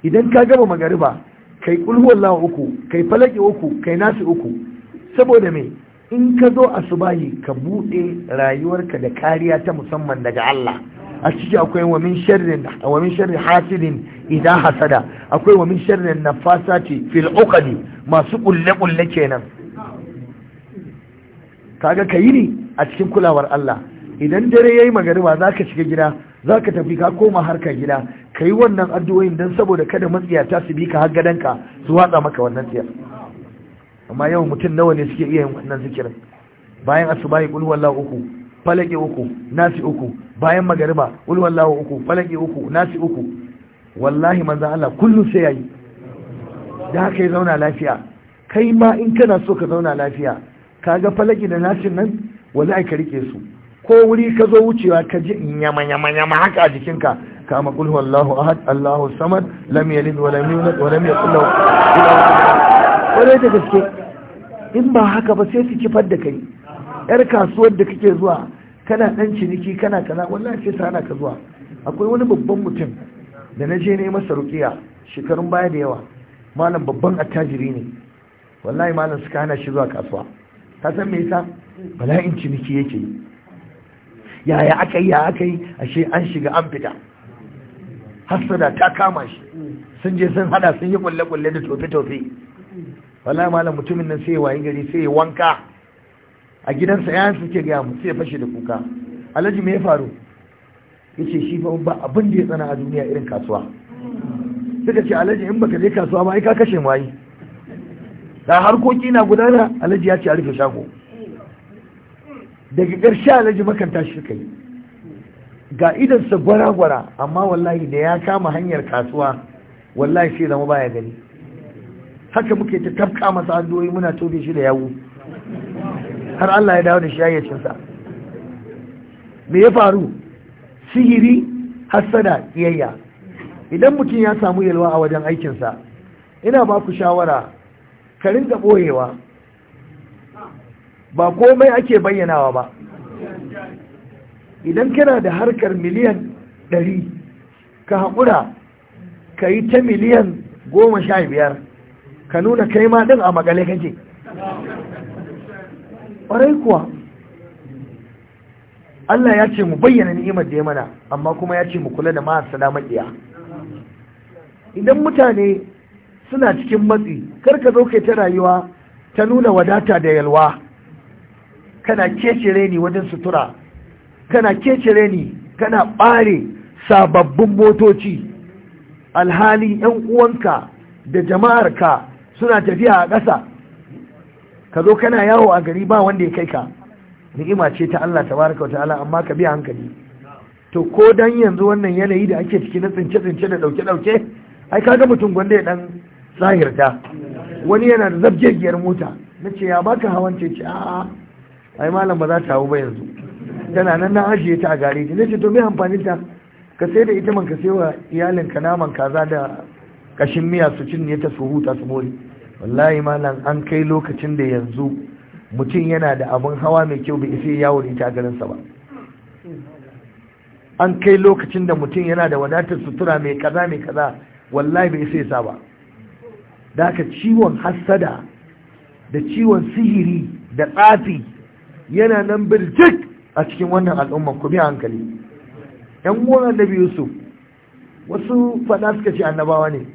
idan ka gaba magariba kai kulhuwallahu uku kai falaki uku kai nasi uku saboda me in ka zo asubahi ka buɗe rayuwarka da kariya ta musamman daga Allah a ciki akwai wamin sharrin wamin sharri hasidin idan hasada akwai wamin sharrin nafasati fil uqadi masu kulle kulle kenan kaga kai ne a cikin kulawar Allah idan dare yayi magariba zaka shiga gida zaka tafi ka koma harka gida ka yi wannan addu'o'in don saboda kada matsiyata su bi ka har ka su watsa maka wannan tsiyar amma yawan mutum nawa ne suke iya yin wannan zikirin bayan asubahi kul uku falaki uku nasi uku bayan magariba kul uku falaki uku nasi uku wallahi manzo Allah kullum sai yayi da kai zauna lafiya kai ma in kana so ka zauna lafiya ga falaki da nasin nan wallahi ka rike su ko wuri ka zo wucewa ka ji in yama yama yama haka a jikinka kama qul Allahu! ahad Allahu samad lam yalid wa lam yulad wa lam yakul lahu kufuwan ahad gaske in ba haka ba sai su kifar da kai yar kasuwar da kake zuwa kana dan ciniki kana kaza wallahi sai sana ka zuwa akwai wani babban mutum da na je ne masa ruqiya shekarun baya da yawa malam babban attajiri ne wallahi malam suka hana shi zuwa kasuwa ka san me yasa bala'in ciniki yake yaya aka yi ya aka yi ashe an shiga an fita hassada ta kama shi sun je sun hada sun yi kulle-kulle da tofe-tofe wala malam mutumin nan sai wayi gari sai wanka a gidansa yayin suke gaya mu sai fashe da kuka alhaji me ya faru yace shi fa ba abin da ya tsana a duniya irin kasuwa suka ce alhaji in baka je kasuwa ba ai ka kashe mai da harkoki na gudana alhaji ya ce a rufe shago daga ƙarshe alhaji makanta shi kai ga idansa gwara-gwara amma wallahi da ya kama hanyar kasuwa wallahi sai zama baya gani haka muke ta tafka masa addu'o'i muna tobe shi da yawu har Allah ya dawo da shi sa me ya faru sihiri hassada iyayya. idan mutum ya samu yalwa a wajen aikinsa ina ba ku shawara ka ringa boyewa ba komai ake bayyanawa ba idan kana da harkar miliyan ɗari ka haƙura ka yi ta miliyan goma sha biyar ka nuna kai ma ɗin a makale kake ƙwarai kuwa Allah ya ce mu bayyana ni'imar da ya mana amma kuma ya ce mu kula da ma'asala ɗiya idan mutane suna cikin matsi kar ka zo kai ta rayuwa ta nuna wadata da yalwa kana kece ni wajen sutura kana kecere ni kana bare sababbin motoci alhali yan uwanka da jama'arka suna tafiya a ƙasa ka zo kana yawo a gari ba wanda ya kai ka ni'ima ce ta Allah tabaraka Ta'ala, amma ka biya hankali to ko dan yanzu wannan yanayi da ake ciki na tsince-tsince da dauke-dauke ai kaga mutum gwanda ya dan zahirta wani yana da zabjejjiyar mota na ce ya baka hawan ce ce a'a ai malam ba za ta hau ba yanzu tana nan na ajiye ta a gare ta nace to me amfani ta ka sai da ita man ka sai wa iyalin ka naman kaza da kashin miya su cinye ta su huta su more wallahi malam an kai lokacin da yanzu mutum yana da abin hawa mai kyau bai isa yawo ne ta a sa ba an kai lokacin da mutum yana da wadatar sutura mai kaza mai kaza wallahi bai isa yasa ba da haka ciwon hassada da ciwon sihiri da tsafi yana nan birjik a cikin wannan al'umma ku bi hankali yan da annabi yusuf wasu faɗa suka ce annabawa ne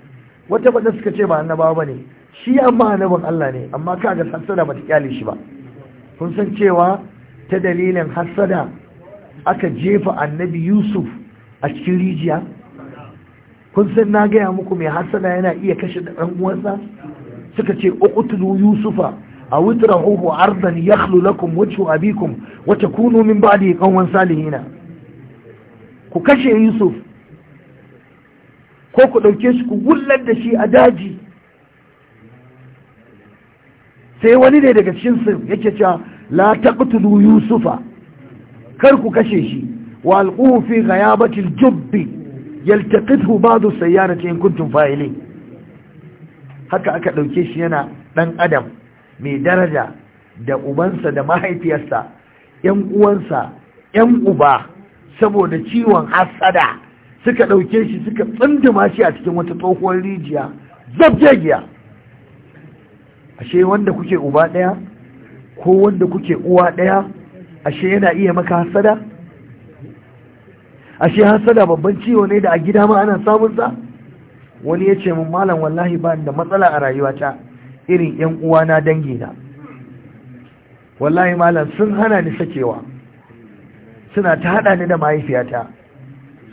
wata faɗa suka ce ba annabawa ba ne shi amma annabin allah ne amma ka kaga hassada ba ta kyale shi ba kun san cewa ta dalilin hassada aka jefa annabi yusuf a cikin rijiya kun san na gaya muku mai hassada yana iya kashe ɗan uwansa suka ce uqtulu yusufa a wujiran uku arzani ya lakum wucin abikun wata kuno min ba da ya kawon salihina ku kashe yusuf ko ku ɗauke shi ku gullar da shi a daji sai wani ne daga cikin sir yake cewa la taqtulu yusufa kar ku kashe shi wa alquhu fi ghayabati al-jubb yaltaqithu ba'd as-sayyarati in kuntum fa'ilin haka aka ɗauke shi yana ɗan adam mai daraja da ubansa da mahaifiyarsa ‘yan uwansa ‘yan uba saboda ciwon hasada suka ɗauke shi suka tsinduma shi a cikin wata tsohuwar rijiya zabjagiya ashe wanda kuke uba ɗaya ko wanda kuke uwa ɗaya ashe yana iya maka hasada ashe hasada babban ciwo ne da a gida ma ana samunsa wani ya ce mun malam wallahi ba da matsala a rayuwata irin yan uwana dangi na. wallahi malam sun hana ni sakewa suna ta hada ni da mahaifiyata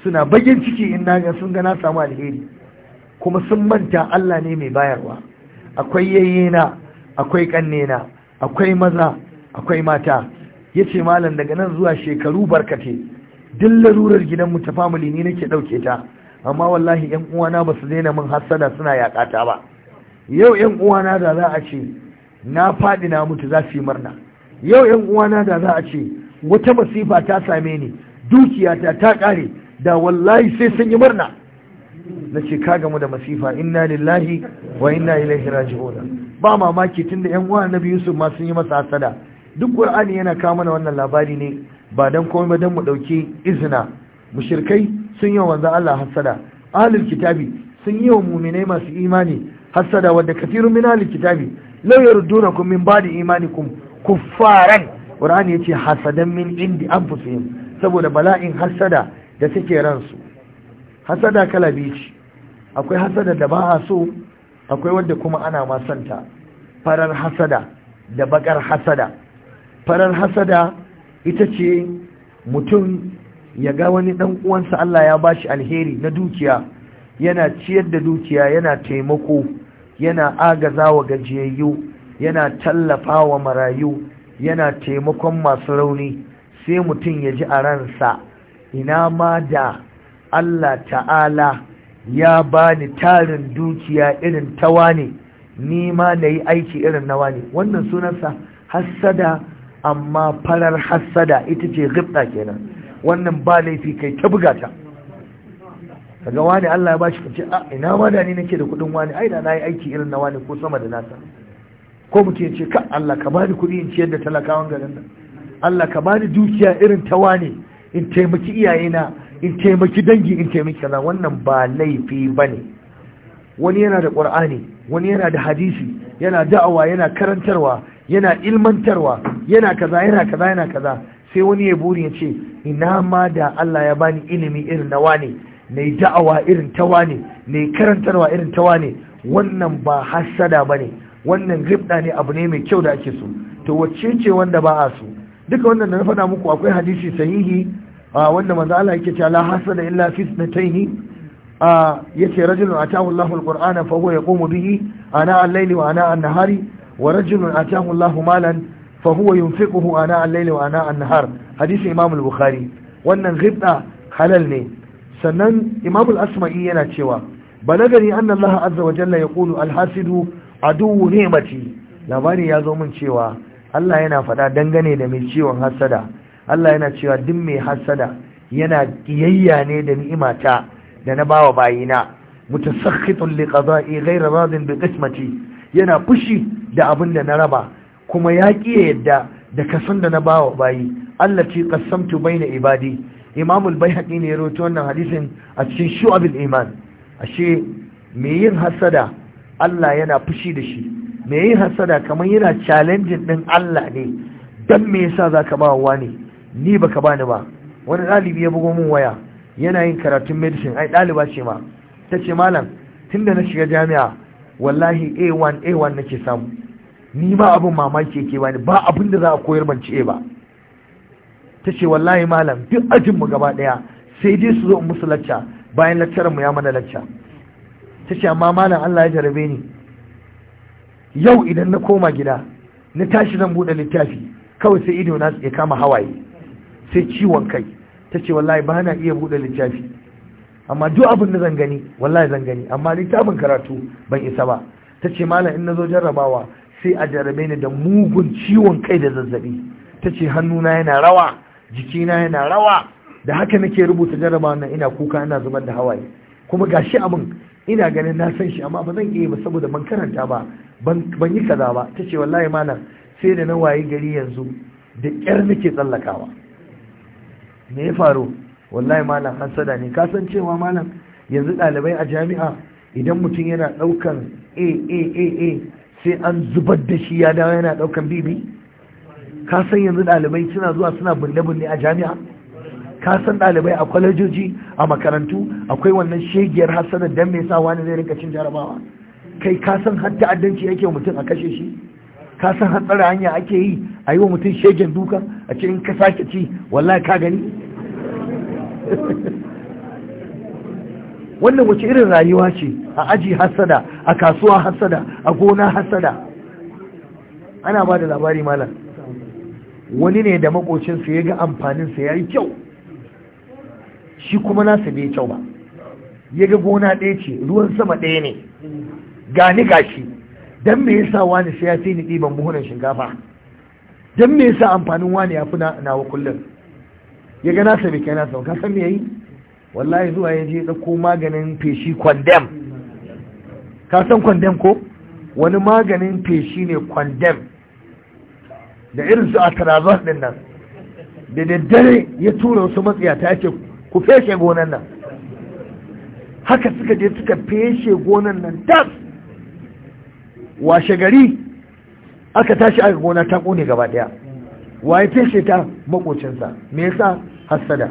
suna bagin ciki in na sun ga na samu alheri kuma sun manta Allah ne mai bayarwa akwai yayyena akwai kannena akwai maza akwai mata yace malam daga nan zuwa shekaru barkate duk larurar gidanmu ta family ne nake dauke ta amma wallahi yan uwana ba su daina min hassada suna yakata ba yau yan uwana da za a ce na faɗi na mutu za su yi murna yau yan uwana da za a ce wata masifa ta same ni dukiyata ta ƙare da wallahi sai sun yi murna na ce ka gamu da masifa inna lillahi wa inna ilaihi raji'un ba mamaki tunda yan uwa nabi Yusuf ma sun yi masa asada duk Qur'ani yana kawo mana wannan labari ne ba dan komai ba dan mu dauki izina mushrikai sun yi wa manzo Allah hasada ahlul kitabi sun yi wa mu'minai masu imani hasada wadda kafirun min ahli kitabi law yardunakum min ba'di imanikum kuffaran qur'ani yace hasadan min indi anfusihim saboda bala'in hasada da suke ransu hasada kala biyu akwai hasada da ba a so akwai wadda kuma ana ma santa. farar hasada da bakar hasada farar hasada ita ce mutum ya ga wani dan uwansa Allah ya bashi alheri na dukiya yana ciyar da dukiya yana taimako yana agaza wa gajiyayyu yana tallafa wa marayu yana taimakon masu rauni sai mutum ya ji a ransa ina ma da Allah ta'ala ya bani tarin dukiya irin tawa ne ni ma na yi aiki irin nawa ne wannan sunansa hassada amma farar hassada ita ce gifta kenan wannan ba laifi kai ta bugata Daga wani Allah ya bashi kace a ah, ina ma da ni nake da kudin wani ai da nayi aiki irin na wani ko sama da nasa ko mutum ce ka Allah ka bani kudi in ciyar da talakawan garin nan Allah ka bani dukiya irin ta wani in taimaki iyayena in taimaki dangi in taimaki kaza wannan ba laifi bane wani yana da qur'ani wani yana da hadisi yana da'awa yana karantarwa yana ilmantarwa yana kaza yana kaza yana kaza sai wani ya buri ya ce ina ma da Allah ya bani ilimi irin na wani na da'awa irin tawa ne na karantarwa irin tawa ne wannan ba hasada ba ne wannan ribda ne abu ne mai kyau da ake so to wacce ce wanda ba a so duka wannan da na faɗa muku akwai hadisi sahihi wanda manzo Allah yake cewa la hasada illa fi a yace rajulun atahu Allahu alqur'ana fa huwa yaqumu bihi ana al-layli wa ana an-nahari wa rajulun atahu Allahu malan fa huwa yunfiquhu ana al-layli wa ana an-nahar hadisi Imam al-Bukhari wannan ghibda halal ne sannan imamul asmai yana cewa gari an Allah azza wa jalla kulu Alhasidu a aduwwu mace. labari ya zo min cewa Allah yana faɗa dangane da mai ciwon hasada Allah yana cewa duk mai hasada yana kiyayya ne da ni'imata da na bawa bayina mutasakhitun li qada'i ghayra radin bi qismati yana fushi da abin da na raba kuma ya kiyaye yadda da kasan da na bawa bayi Allah ce qassamtu baina ibadi Imamul al-bayhaqi ne ya rawaito wannan hadisin a cikin shu'abul iman ashe me yin hasada Allah yana fushi da shi me yin hasada kamar yana challenge din Allah ne dan me yasa zaka ba wa ne ni baka bani ba wani dalibi ya bugo min waya yana yin karatun medicine ai daliba ce ma tace malam tunda na shiga jami'a wallahi A1 A1 nake samu ni ma abin mamaki yake bani ba abin da za a koyar ban ci a ba ta ce wallahi malam duk ajin mu gaba ɗaya sai dai su zo in musu lacca bayan laccar mu ya mana lacca ta ce amma malam Allah ya jarabe ni yau idan na koma gida na tashi zan buɗe littafi kawai sai ido na ya kama hawaye sai ciwon kai ta ce wallahi ba na iya buɗe littafi amma duk abin da zan gani wallahi zan gani amma littafin karatu ban isa ba ta ce malam in na zo jarrabawa sai a jarabe ni da mugun ciwon kai da zazzabi ta ce hannuna yana rawa jikina yana rawa da haka nake rubuta jaraba nan ina kuka ina zubar da hawaye kuma gashi abin ina ganin na san shi amma ba zan iya ba saboda ban karanta ba ban yi kaza ba ta ce wallahi malam sai da na wayi gari yanzu da ƙyar nake tsallakawa me ya faru wallahi malam sada ne ka san cewa malam yanzu ɗalibai a jami'a idan mutum yana ɗaukan a a a a sai an zubar da shi ya dawo yana ɗaukan bibi ka san yanzu ɗalibai suna zuwa suna bulle-bulle a jami'a ka san ɗalibai a kwalejoji a makarantu akwai wannan shegiyar hassana don mai sa wani zai rinka cin jarabawa kai ka san har ta'addanci yake mutum a kashe shi ka san har tsara hanya ake yi a yi wa mutum shegen duka a ce in ka sake ci wallahi ka gani wannan wace irin rayuwa ce a aji hassada a kasuwa hassada a gona hassada ana ba da labari malam wani ne da makocinsa ya ga amfaninsa ya yi kyau shi kuma nasa bai kyau ba ya ga gona ɗaya ce ruwan sama ɗaya ne gani gashi don me yasa wani sai ya sai ni ɗiban buhunan shinkafa don me yasa amfanin wani ya fi na, nawa kullum ya ga nasa bai kyau nasa ka san me yayi wallahi zuwa ya je ɗauko maganin feshi kwandem ka san kwandem ko wani maganin feshi ne kwandam. da irin su a tarazan din nan da daddare ya tura wasu matsiyata ta ce ku feshe gonan nan haka suka je suka feshe gonan nan tas washe gari aka tashi aka gona ta ƙone gaba daya waye feshe ta makocinsa me yasa hasada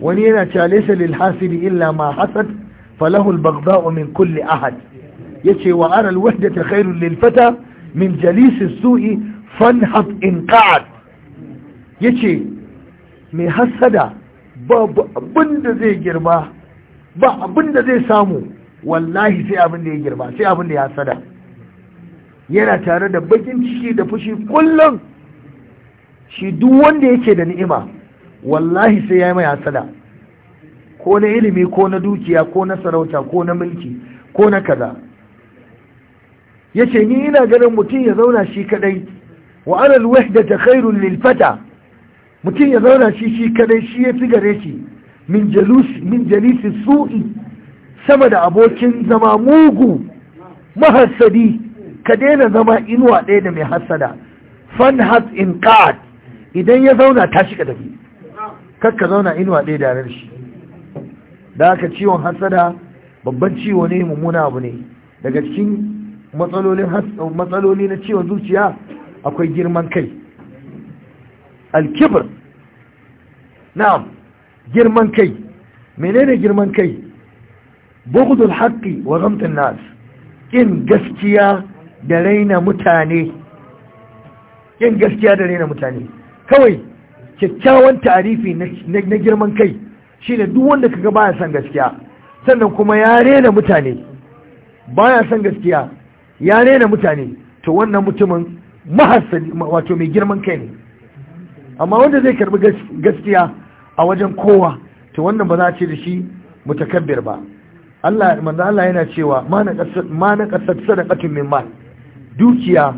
wani yana cewa laysa lil hasidi illa ma hasad falahu al baghda'u min kulli ahad yace wa ara al wahdata khairun lil fata min jalisi sui fanhab in qa'ad yace mai hasada ba abin da zai girma ba abin da zai samu wallahi sai abin da ya girma sai abin da ya hasada yana tare da bakin ciki da fushi kullum shi duk wanda yake da ni'ima wallahi sai ya yi mai hasada ko na ilimi ko na dukiya ko na sarauta ko na mulki ko na kaza ya ce ni ina ganin mutum ya zauna shi kadai wa ana alwahdata khairun lil mutum ya zauna shi shi kadai shi ya fi gare shi min jalus min jalisi su'i sama da abokin zama mugu mahassadi ka daina zama inuwa ɗaya da mai hassada fan has in qad idan ya zauna tashi ka tafi kar ka zauna inuwa ɗaya da shi da haka ciwon hassada babban ciwo ne mummuna abu ne daga cikin matsaloli na ciwon zuciya akwai girman kai alkibir na'am girman kai menene girman kai bughdul haqqi wa ghamtun nas kin gaskiya da raina mutane kin gaskiya da raina mutane kawai kyakkyawan tarifi na girman kai shine duk wanda kaga baya son gaskiya sannan kuma ya raina mutane baya san gaskiya ya raina mutane to wannan mutumin mahasali wato mai girman kai ne amma wanda zai karbi gaskiya a wajen kowa to wannan ba za a ce da shi mutakabbir ba Allah manzo Allah yana cewa ma na kasat sadaqatun min mal dukiya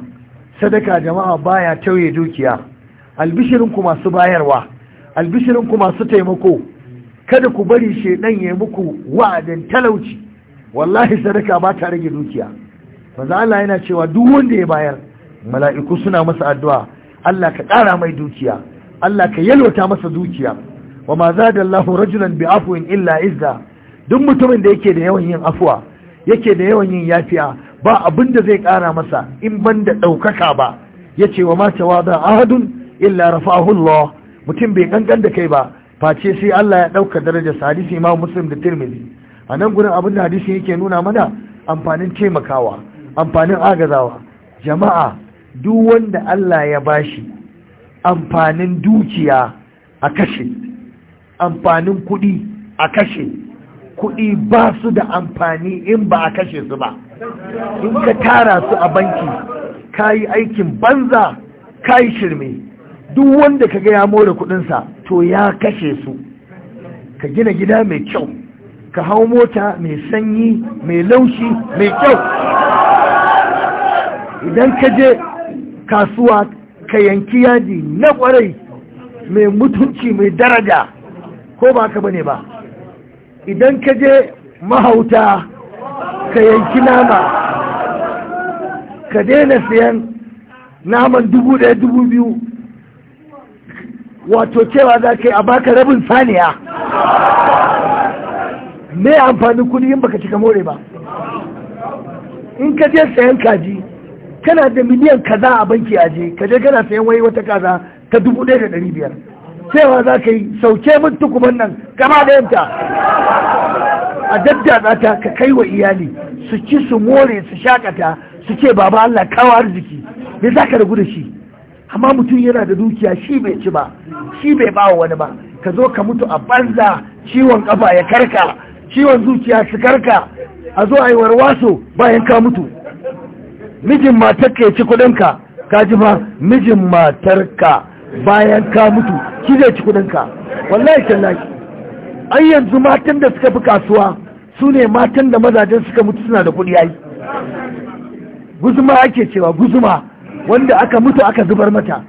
sadaka jama'a baya tauye dukiya albishirin ku masu bayarwa albishirin ku masu taimako kada ku bari shedan ya muku wa'adin talauci wallahi sadaka ba ta rage dukiya manzo Allah yana cewa duk wanda ya bayar mala'iku suna masa addu'a Allah ka ƙara mai dukiya Allah ka yalwata masa dukiya wa ma da Allahu rajulan bi afwin illa izza duk mutumin da yake da yawan yin afwa yake da yawan yin yafiya ba abin da zai ƙara masa in ban da ɗaukaka ba ya ce wa ma tawada ahadun illa rafa'ahu Allah mutum bai gangan da kai ba face sai Allah ya ɗauka darajar hadisi ma Muslim da Tirmidhi a nan gurin abin da hadisi yake nuna mana amfanin taimakawa amfanin agazawa jama'a duk wanda Allah ya bashi amfanin dukiya a kashe amfanin kuɗi a kashe kuɗi ba su da amfani in ba a kashe su ba in ka tara su a banki ka yi aikin banza ka yi shirme duk wanda ka ga ya more kuɗinsa to ya kashe su ka gina gida mai kyau ka hau mota mai sanyi mai laushi mai kyau idan ka je kasuwa ka yanki yadi na kwarai mai mutunci mai daraja ko ba ka bane ba idan ka je mahauta ka yanki nama ka daina siyan naman dubu daya dubu biyu wato cewa za ka yi a baka rabin saniya me amfani kudi yin baka cika more ba in ka je sayan kaji kana da miliyan kaza a banki je, ka je kana sayan wai wata kaza ta dubu ɗaya da ɗari biyar cewa za ka yi sauke min tukuman nan kama da yanta a daddada ta ka kai wa iyali su ci su more su shakata su ce baba Allah kawo arziki me za ka ragu da shi amma mutum yana da dukiya shi bai ci ba shi bai ba wani ba ka zo ka mutu a banza ciwon kafa ya karka ciwon zuciya su karka a zo a yi warwaso bayan ka mutu mijin matarka ya ci kudinka ka ji ba mijin matarka bayan ka mutu shi zai ci kudinka wallahi kallahi an yanzu matan da suka fi kasuwa su ne matan da mazajen suka mutu suna da kudi ai guzuma ake cewa guzuma wanda aka mutu aka zubar mata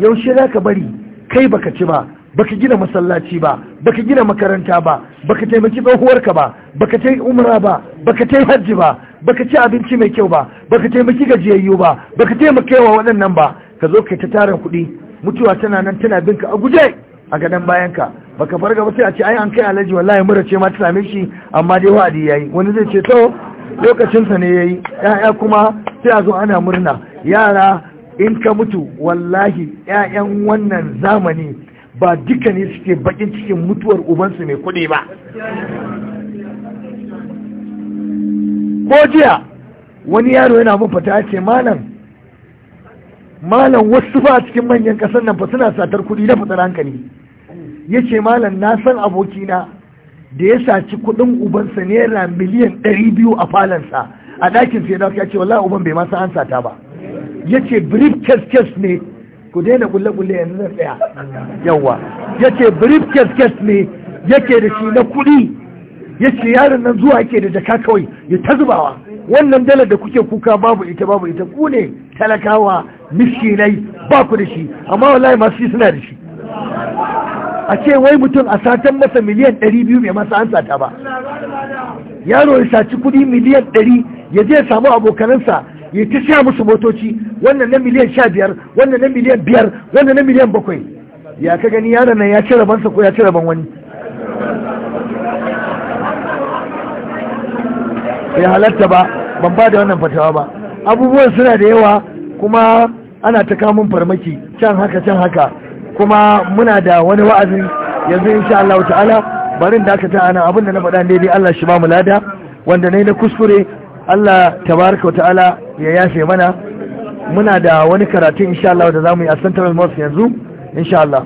yaushe za ka bari kai baka ci ba baka gina masallaci ba baka gina makaranta ba baka taimaki tsohuwarka ba baka tai umra ba baka tai hajji ba baka ci abinci mai kyau ba baka taimaki gajiyayyu ba baka taimaka wa waɗannan ba ka zo kai ta tarin kuɗi mutuwa tana nan tana bin ka a guje a gadon bayanka baka farga ba sai a ce ai an kai alhaji wallahi mura ce ma ta same shi amma dai wa'adi yayi wani zai ce to lokacinsa ne yayi ya'ya kuma sai a zo ana murna yara in ka mutu wallahi 'ya'yan wannan zamani ba duka ne suke bakin cikin mutuwar ubansu mai kuɗi ba ko jiya wani yaro yana mun fata ce malam malam wasu fa a cikin manyan kasar nan fa suna satar kuɗi na fatar hankali ya ce malam na san abokina da ya saci kuɗin ubansa naira miliyan ɗari biyu a falansa a ɗakin sai ya ce wallahi uban bai ma san ta ba ya ce brief case case ne ku daina kulle-kulle yanzu zan tsaya yawa ya ce brief case case ne yake da shi na kuɗi ya yaron nan zuwa yake da jaka kawai ya ta zubawa wannan dalar da kuke kuka babu ita babu ita ku ne talakawa miskinai ba ku da shi amma wallahi masu suna da shi a ce wai mutum a satan masa miliyan ɗari biyu bai masa an sata ba yaro ya saci kuɗi miliyan ɗari ya je samu abokanansa ya ta sha musu motoci wannan na miliyan sha biyar wannan na miliyan biyar wannan na miliyan bakwai ya ka gani yaron nan ya ci rabansa ko ya ci raban wani bai halarta ba ban ba da wannan fatawa ba abubuwan suna da yawa kuma ana ta kamun farmaki can haka can haka kuma muna da wani wa'azin yanzu insha Allah ta'ala barin da aka ta ana abin na faɗa daidai Allah shi ba mu lada wanda ne na kuskure Allah tabaraka wa ta'ala ya yafe mana muna da wani karatu insha Allah da zamu yi a Central Mosque yanzu insha Allah